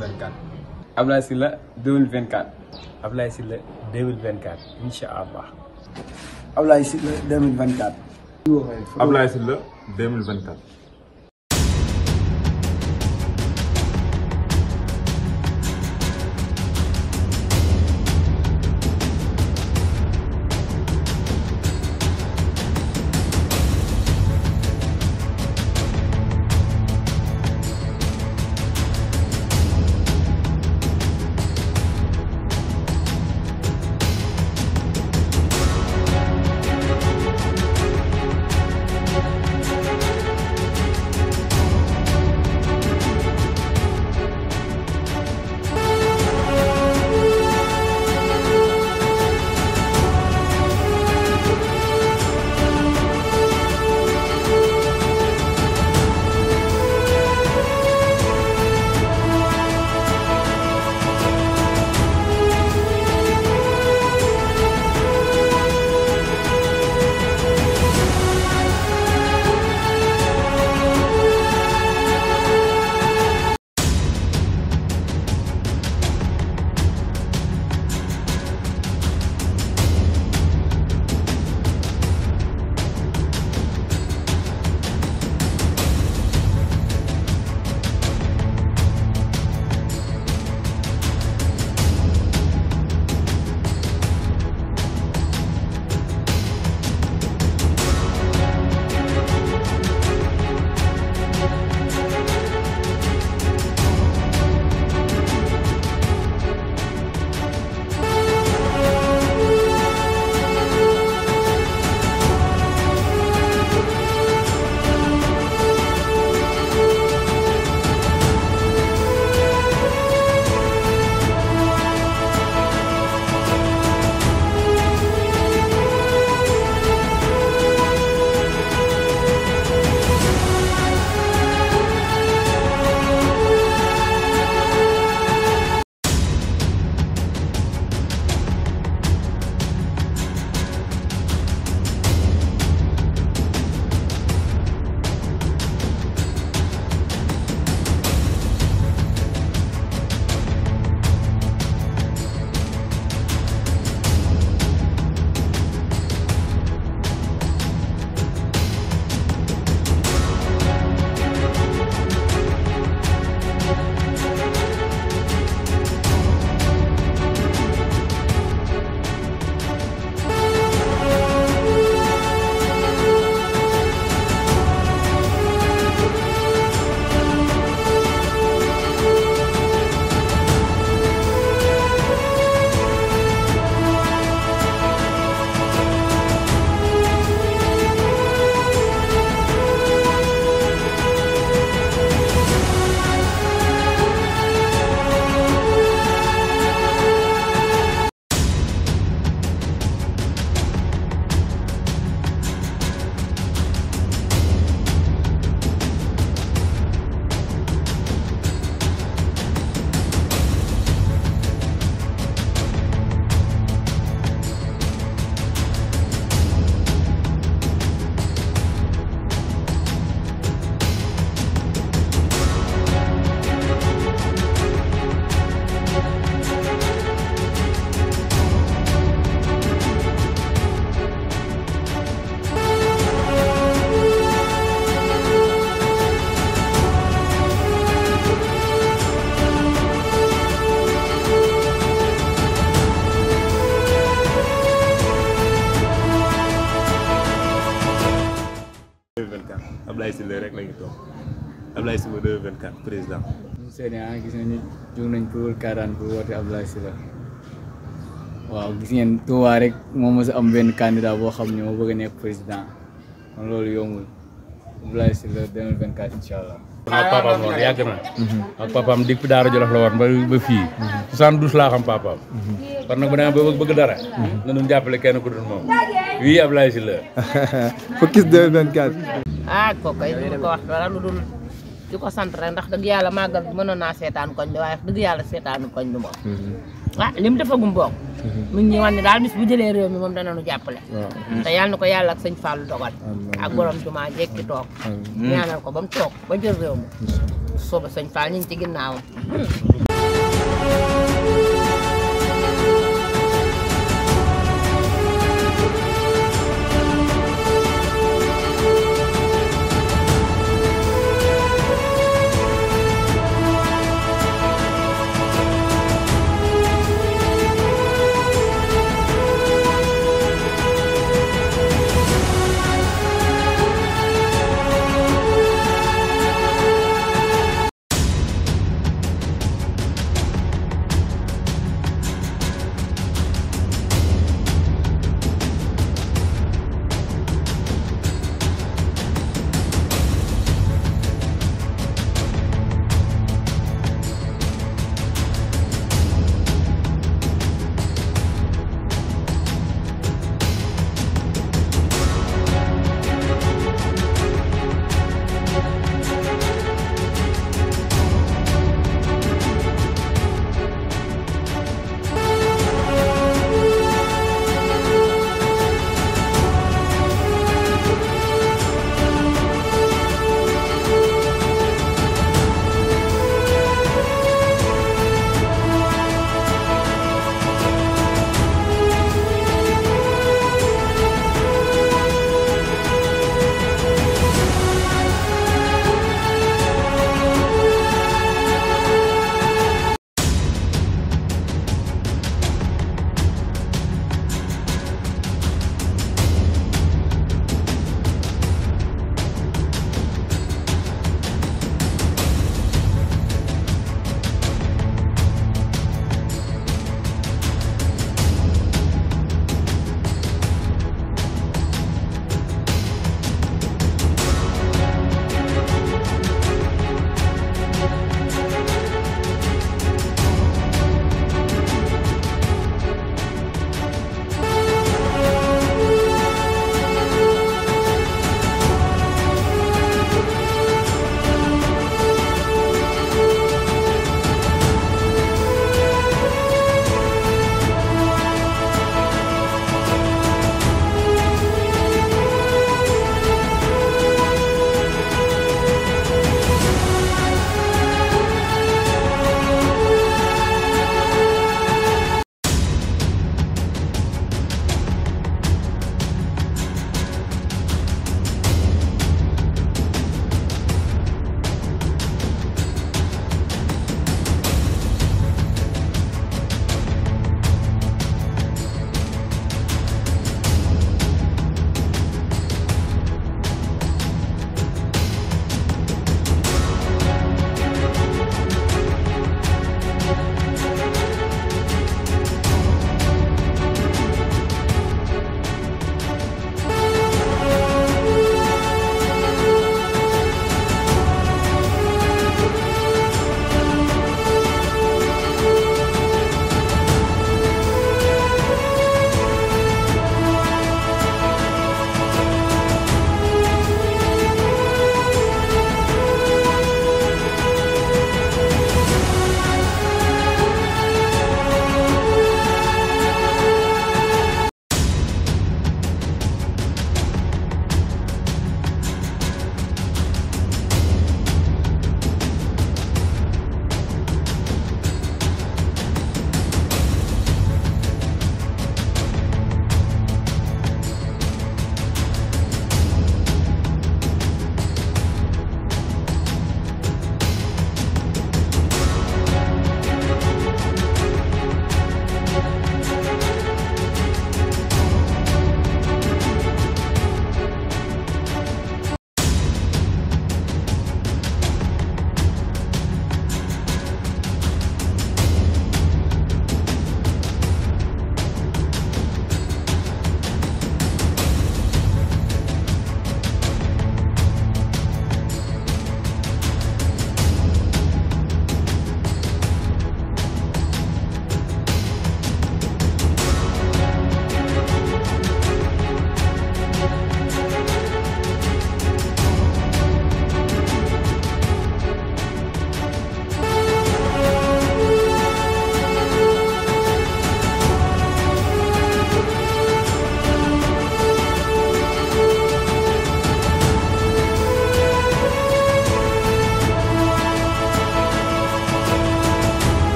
2024. Ablaye Sylla 2024. Ablaye Sylla 2024 incha allah. Ablaye Sylla 2024. Ablaye Sylla 2024. nañ pour kaaraan pour woote Abdoulaye Sylla waaw gis ngeen Touba rek moo mos a am benn candidat boo xam ne moo bëgg a nekk président kon loolu yombul Abdoulaye Sylla 2024 incha allah. ak papaam loolu yàgg na. Mhm. la woon ba ba fii. 72 mhm. laa xam papaam. Mhm. kon nag bu demee ba bëgg dara. na doon jàppale kenn ku dul moom. wii Abdoulaye Sylla. focus 2024. ah kooku ay ko wax dara lu dul. di ko sant rek ndax dëgg yàlla màggal bi mënoon naa seetaan koñ bi waaye dëgg yàlla seetaan koñ bi moom ah li mu defagum boog mu mm-hmm. ngi wan ne daal bis bu jëlee réew mi moom dana nu jàppale te yàll na ko yàlla ak sëñ Fallou a ak borom jumaa jekki toog ñaanal ko ba mu toog ba jël réew mi sooba sëñ Fall ñu ngi ci ginnaawam